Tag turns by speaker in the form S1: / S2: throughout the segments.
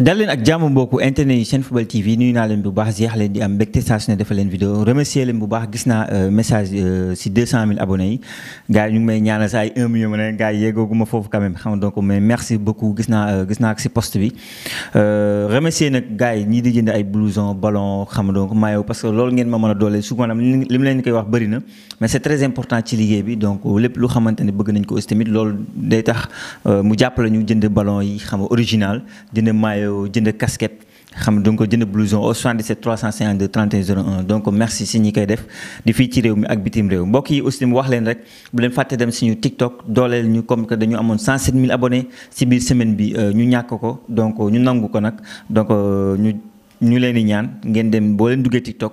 S1: dalen ak jamm mbokku internet chaîne football TV nuyu naa leen bu baax jeex len di am bekté sa su ne defal leen vidéo remercier len bu baax gis na euh, message euh, si 200000 abonnés yi gars ñu ngi may ñaanal sa ay 1 million ma ne gars yi fofu quand même xam donc mais merci beaucoup gis na euh, gis na ak si poste bi euh remercier nak gars yi di jënd ay blouson ballon xam donc maillot parce que lool ngeen ma mëna a su manam nag li leen koy wax bari na mais c'est très important ci liggéey bi donc lepp lu xamanteni bëgg nañ ko aussi tamit loolu day tax mu jàppale ñu jënd ballon yi xam original dina maillot jënd casquette xam donc jënd blouson au 77 352 31 01 donc merci si ñi koy def di fi ci réew mi ak bitim réew mbokk yi aussi mu wax leen rek bu leen fàtte dem suñu TikTok dooleel ñu comme que dañu amoon 107 000 abonnés si biir semaine bi euh, ñu ñàkk ko donc ñu nangu ko nag donc euh, ñu ñu leen di ñaan ngeen dem boo leen duggee TikTok.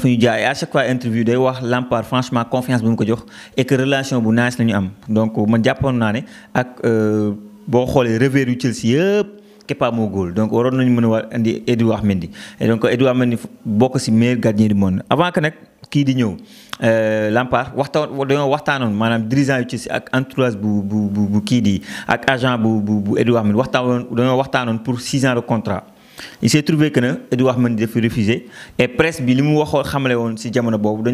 S1: fu ñu jaay à chaque fois interview day wax Lampard franchement confiance bi mu ko jox et que relation bu nice la ñu am donc man jàppoon naa ne ak euh, boo xoolee revers yu Chelsea yëpp. Kepa moo góol donc waroon nañu mën a war indi Edouard Mendy et donc Edouard Mendy bokk ci meilleur gardien du monde avant que nag kii di ñëw euh, Lampard waxtaan dañoo waxtaanoon maanaam dirigeant yu Chelsea ak entourage bu bu bu kii di ak agent bu bu bu Edouard Mendy waxtaanoon dañoo waxtaanoon pour 6 ans de contrat il s'est trouvé que ne Edouard Mendy refusé et presse bi li mu waxoon xamale woon si jamono boobu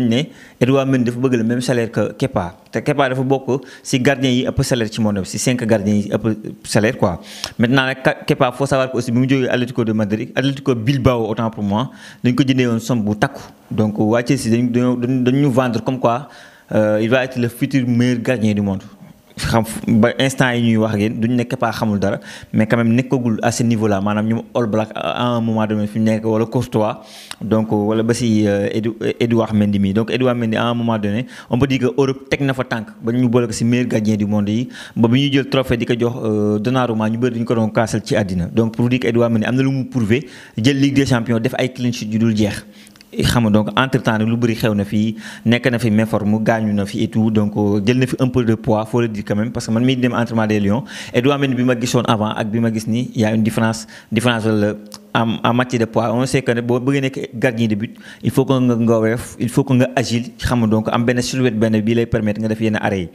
S1: Edouard Mendy dafa bëgg le même salaire que Kepa te Kepa dafa bokk si gardien yi ëpp salaire ci monde si cinq gardiens yi ëpp salaire quoi. maintenant Kepa, il faut savoir que aussi bi mu jógee de Madrid de Bilbao autant pour moi dañ ko jëndee woon somme bu takku donc waa va nous vendre comme quoi euh, il va être le futur meilleur gardien du monde xam ba instant yi ñuy wax ak duñ ne pas xamul dara mais quand même nekkagul à ce niveau là maanaam ñu All Black à un moment donné fi mu nekk wala Courtois donc euh, wala ba si Edouard euh, euh, Mendy mi donc Edouard Mendy à un moment donné on peut dire que Europe teg na fa tànk ba ñu boole ko si meilleur gardien du monde yi ba bi ñu jël trophée di ko jox Donnarumma ñu bëri dañu ko doon kaasal ci àddina donc pour dire que Edouard Mendy am na lu mu prouver jël Ligue des champions def ay clean sheet yu dul jeex donc entre temps lu bari xewna na fi nek na fi méfor mu na fi et tout donc euh, jël na fi un peu de poids faut le dire quand même parce que man mi dem entraînement des Lions et do amee bima gissone avant ak bima giss ni il y a une différence différence là euh, en, en matière de poids on sait boo bëggee nekk gardien de il faut que nga nga il faut que nga agile xam nga donc am benn silhouette benn bi lay permettre nga def yenn arrêt yi.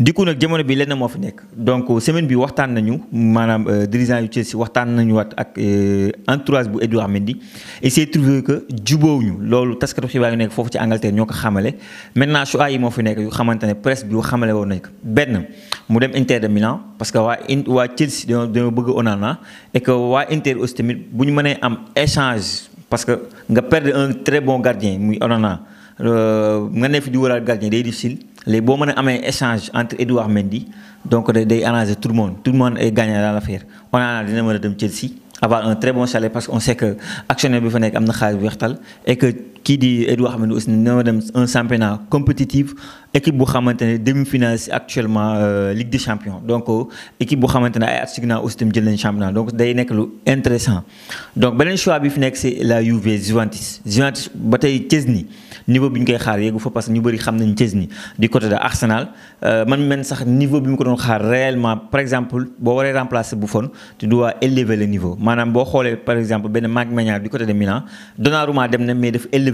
S1: du nag jamono bi lenn moo fi nekk donc euh, semaine bi waxtaan nañu maanaam euh, dirigeant yu Chelsea waxtaan nañu waat ak euh, entourage bu Edouard Mendy et c'est trouvé que jubóowuñu loolu taskatu xibaar yu nekk foofu ci Angleterre ñoo ko xamale maintenant choix yi moo fi nekk yu xamante ne presse bi xamale woon nañ ko benn. mu dem Inter de Milan parce que Wa in wa Chelsea et que Inter aussi am échange parce que nga perdre un très bon gardien muy nga gardien difficile les a échange entre Edouard Mendy donc day arranger tout le monde tout le monde est gagné dans l'affaire dem Chelsea avoir un très bon salaire parce qu'on sait que actionnaire bi fa et que qui di Edouard Mendy aussi dina dem un championnat compétitif équipe bu xamante demi-finale actuellement actuellement euh, Ligue des champions donc euh, équipe bu xamante ne ay at signant aussi tamit jël championnat donc day nekk lu intéressant donc le choix bi fi c'est la Juve Juventus Juventus ba tey niveau bi ñu koy xaar yéegu fa parce de ñu du côté de Arsenal euh, man men sax niveau bi mu ko doon xaar réellement par exemple boo waree remplacer Buffon tu dois élever le niveau maanaam boo par exemple Ben Maguette du côté de Milan Donnarumma dem na mais daf élever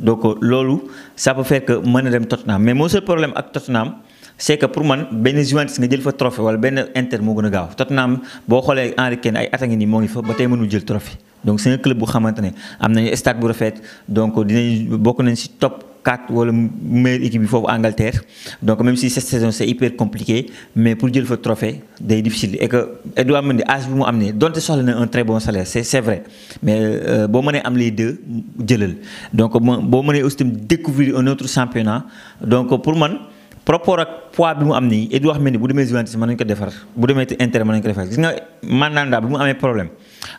S1: donc loolu ça peut faire que mën dem Tottenham mais mon seul problème avec Tottenham c'est que pour man benn Juventus nga jël fa trophée wala ben Inter mo gëna gaaw Tottenham boo xoolee Harry Kane ay at ni mo ngi fa ba tey jël trophée donc c'est un club bu xamante ne am nañu stade bu rafet donc dinañ bokk nañ ci top quatre wala meilleure équipe bi Angleterre donc même si cette saison c'est hyper compliqué mais pour dire le trophée c'est difficile et que Edouard Mendy âge bi mu am ne donte soxla un très bon salaire c'est c'est vrai mais euh, bon mënee am les deux jëlal donc boo mënee aussi découvrir un autre championnat donc pour moi, par poids bi mu am nii Edouard Mendy bu demee Juventus mën nañu ko defar bu demee Inter mën nañu ko defar gis nga Mandanda bi mu amee problème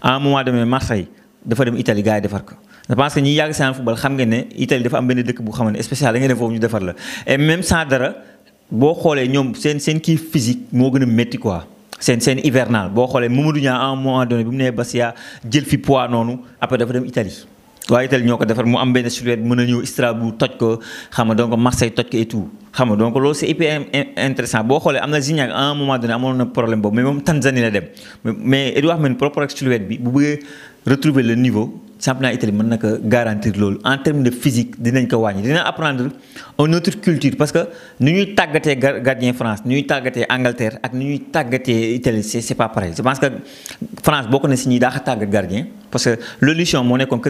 S1: à un moment de Marseille dafa dem Italie gars yi defar ko. je pense que ñi yàgg seen football xam nga ne Italie dafa am benn dëkk bu xam ne spécial da ngeen ne foofu ñu defar la et même sans dara boo xoolee ñoom seen seen kii physique moo gën a métti quoi. seen seen hivernal boo xoolee Mamadou Niang à un moment donné bi mu nee Bastia jël fi poids noonu après dafa dem Italie. waaye itam ñoo ko mu am benn silhouette mën a ñëw Strasbourg toj ko xam nga donc Marseille toj ko et tout xam nga donc loolu c'est hyper intéressant boo xoolee am na Gignac à un moment donné amoon na problème boobu mais moom Tanzanie la dem mais Edouard Mendy par rapport silhouette bi bu retrouver le niveau championnat italien mën na ko garantir loolu en termes de physique dinañ ko dina apprendre une autre culture parce que ni ñuy tàggatee gardien France ni ñuy tàggatee Angleterre ak ni ñuy tàggatee Italie c'est pas pareil je pense que France beaucoup na si ñuy daax a gardien parce que l'olution moo nekkoon que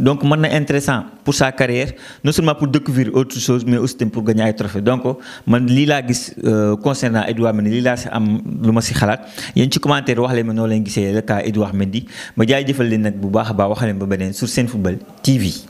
S1: donc mën intéressant pour sa carrière non seulement pour découvrir autre chose mais aussi pour gagner des trophées. donc man lii laa gis euh, concernant Edouard Mendy lii laa am lu ma si xalaat yéen ci commentaire wax leen ma noo leen gisee le cas Edouard Mendy ma jay jëfal leen nak bu baax a baax wax leen ba benen sur Football TV